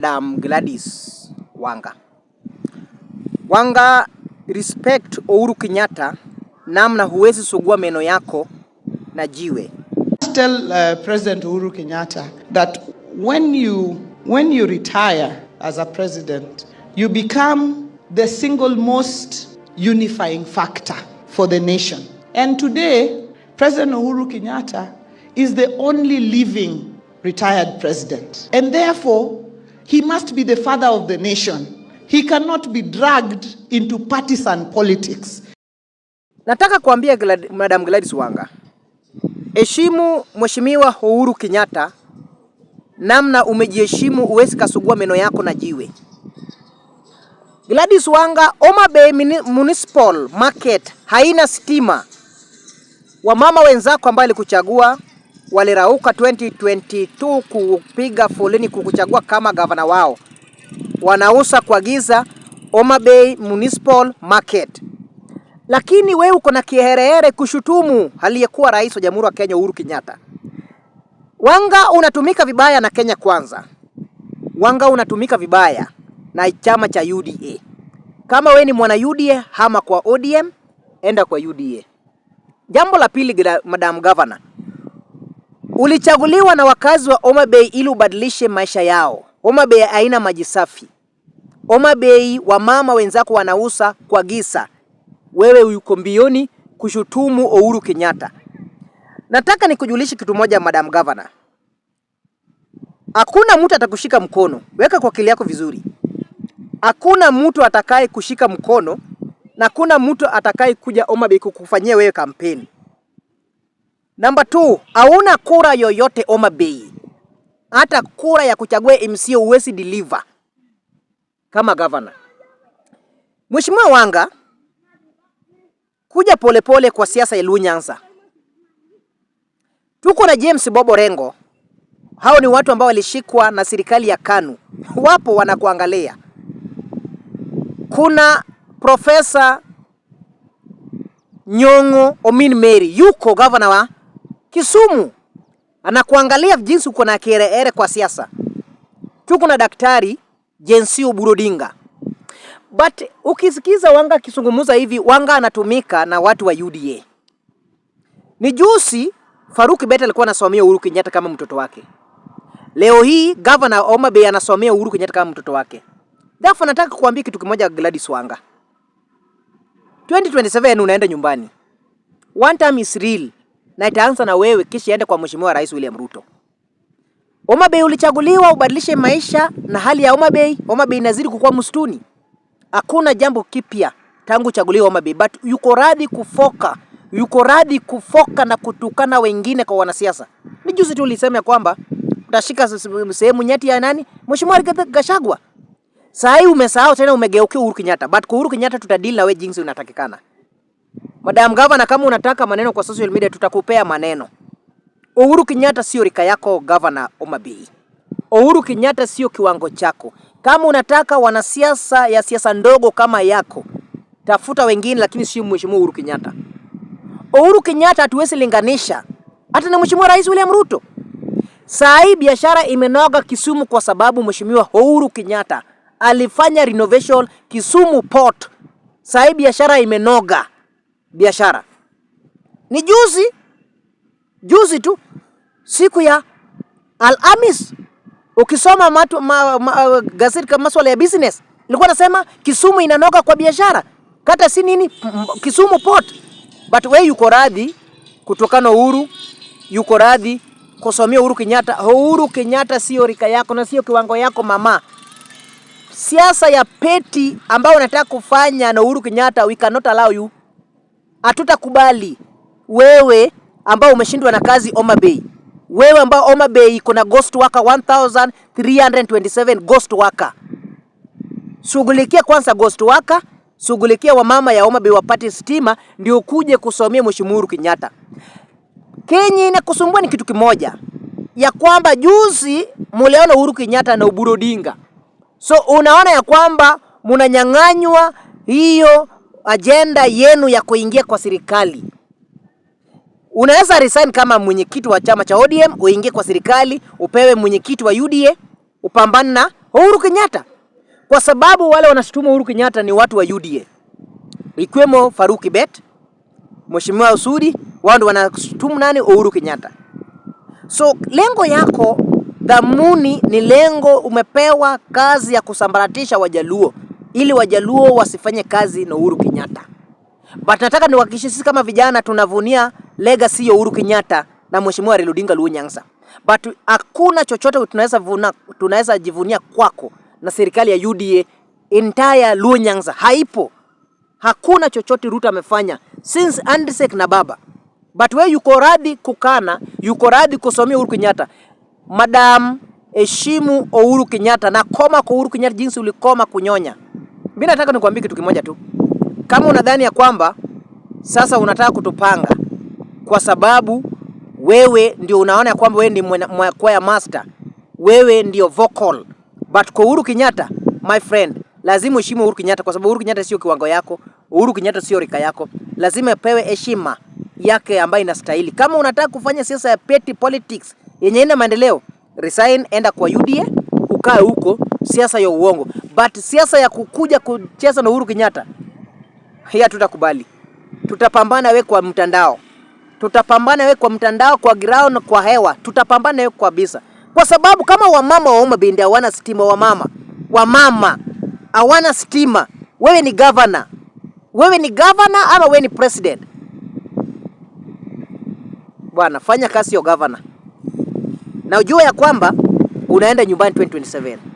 Madam Gladys Wanga. Wanga, respect Uhuru Kenyatta, namna huwezi sugua meno yako na jiwe. Tell uh, President Uhuru Kenyatta that when you when you retire as a president, you become the single most unifying factor for the nation. And today, President Uhuru Kenyatta is the only living retired president. And therefore, He must be the father of the nation. He cannot be dragged into partisan politics. Nataka kuambia Glad, Madam Gladys Wanga, heshimu Mheshimiwa Uhuru Kenyatta namna umejiheshimu, uwezi kasugua meno yako na jiwe. Gladys Wanga, Homa Bay Municipal Market haina stima. Wamama wenzako ambao alikuchagua walirauka 2022 kupiga foleni kukuchagua kama gavana wao. wanausa kwa giza Homa Bay Municipal Market, lakini wewe uko na kiherehere kushutumu aliyekuwa rais wa Jamhuri ya Kenya Uhuru Kenyatta. Wanga unatumika vibaya na Kenya Kwanza, wanga unatumika vibaya na chama cha UDA. Kama we ni mwana UDA, hama kwa ODM, enda kwa UDA. Jambo la pili, madam governor Ulichaguliwa na wakazi wa Homa Bay ili ubadilishe maisha yao. Homa Bay haina maji safi. Homa Bay mama wenzako wanausa kwa gisa, wewe uko mbioni kushutumu Uhuru Kenyatta. Nataka nikujulishe kitu moja, Madam Governor, hakuna mtu atakushika mkono. Weka kwa akili yako vizuri, hakuna mtu atakaye kushika mkono na kuna mtu atakaye kuja Homa Bay kukufanyia wewe kampeni. Namba 2, hauna kura yoyote oma Bay, hata kura ya kuchagua MC uwezi deliver kama governor. Mheshimiwa Wanga kuja polepole pole kwa siasa ya Lunyanza. Tuko na James Bobo Rengo. Hao ni watu ambao walishikwa na serikali ya KANU, wapo wanakuangalia. Kuna Profesa Nyong'o Omin Mary yuko governor wa Kisumu anakuangalia jinsi uko na kiherehere kwa siasa. Tuko na daktari Jensio Burodinga. But ukisikiza Wanga akizungumza hivi, Wanga anatumika na watu wa UDA. Ni juzi Faruki Beta alikuwa anasomea Uhuru Kenyatta kama mtoto wake. Leo hii Governor Homa Bay anasomea Uhuru Kenyatta kama mtoto wake. Dafu nataka kukuambia kitu kimoja Gladys Wanga. 2027 unaenda nyumbani. One time is real na itaanza na wewe, kisha iende kwa Mheshimiwa Rais William Ruto. Homa Bay ulichaguliwa ubadilishe maisha na hali ya Homa Bay. Homa Bay inazidi kukua msituni. Hakuna jambo kipya tangu uchaguliwa Homa Bay, but yuko radhi kufoka, yuko radhi kufoka na kutukana wengine kwa wanasiasa. Ni juzi tu ulisema kwamba utashika sehemu nyeti ya nani, Mheshimiwa Gashagwa. Sasa hii umesahau tena, umegeukia Uhuru Kenyatta, but kwa Uhuru Kenyatta tutadeal na wewe jinsi unatakikana. Madam Governor, kama unataka maneno kwa social media tutakupea maneno. Uhuru Kenyatta sio rika yako Governor Homa Uhuru Kenyatta sio kiwango chako. Kama unataka wanasiasa ya siasa ndogo kama yako, tafuta wengine, lakini sio mheshimiwa Uhuru Kenyatta. Uhuru Kenyatta hatuwezi linganisha hata na mheshimiwa Rais William Ruto. Saa hii biashara imenoga Kisumu kwa sababu mheshimiwa Uhuru Kenyatta alifanya renovation Kisumu Port. Saa hii biashara imenoga biashara. Ni juzi juzi tu siku ya Alhamis, ukisoma matu, ma, ma, gazeti kama masuala ya business ilikuwa nasema Kisumu inanoka kwa biashara, kata si nini Kisumu port, but wewe yuko radhi kutokana uhuru, yuko radhi kusomia Uhuru Kenyatta. Uhuru Kenyatta sio rika yako na sio kiwango yako mama. Siasa ya peti ambayo unataka kufanya na Uhuru Kenyatta, we cannot allow you. Hatutakubali wewe ambao umeshindwa na kazi Homa Bay, wewe ambao Homa Bay iko na ghost worker 1327 ghost worker. Shughulikia kwanza ghost worker, shughulikia wamama ya Homa Bay wapate stima, ndio ukuje kusomea Mheshimiwa Uhuru Kenyatta. Kenya inakusumbua ni kitu kimoja ya kwamba juzi muliona Uhuru Kenyatta na Oburu Odinga, so unaona ya kwamba munanyang'anywa hiyo ajenda yenu ya kuingia kwa serikali. Unaweza resign kama mwenyekiti wa chama cha ODM uingie kwa serikali, upewe mwenyekiti wa UDA, upambane na Uhuru Kenyatta, kwa sababu wale wanashutumu Uhuru Kenyatta ni watu wa UDA, ikiwemo Faruki Bet, Mheshimiwa Usudi, wao ndio wanashutumu nani? Uhuru Kenyatta. So lengo yako, dhamuni ni lengo, umepewa kazi ya kusambaratisha Wajaluo ili wajaluo wasifanye kazi na Uhuru Kenyatta. But nataka niwahakikishie sisi kama vijana tunavunia legacy ya Uhuru Kenyatta na Mheshimiwa Raila Odinga Luo Nyanza. But hakuna chochote tunaweza vuna, tunaweza jivunia kwako na serikali ya UDA entire Luo Nyanza haipo. Hakuna chochote Ruto amefanya since Andisek na baba. But wewe yuko radi kukana, yuko radi kusomea Uhuru Kenyatta. Madam, heshimu Uhuru Kenyatta na koma kwa Uhuru Kenyatta jinsi ulikoma kunyonya. Mimi nataka nikuambie kitu kimoja tu, kama unadhani ya kwamba sasa unataka kutupanga kwa sababu wewe ndio unaona ya kwamba wewe ni choir master, wewe ndio vocal, but kwa Uhuru Kenyatta my friend, lazima uheshimu Uhuru Kenyatta kwa sababu Uhuru Kenyatta sio kiwango yako, Uhuru Kenyatta sio rika yako, lazima apewe heshima yake ambayo inastahili. Kama unataka kufanya siasa ya petty politics yenye ina maendeleo, resign, enda kwa UDA ukae huko siasa ya uongo, but siasa ya kukuja kucheza na Uhuru Kenyatta hiya tutakubali. Tutapambana we kwa mtandao, tutapambana we kwa mtandao, kwa ground kwa hewa, tutapambana we kabisa, kwa sababu kama wamama wa Homabay hawana stima, wamama wamama hawana stima, wewe ni governor, wewe ni governor ama wewe ni president? Bwana, fanya kazi ya governor na ujua ya kwamba unaenda nyumbani 2027.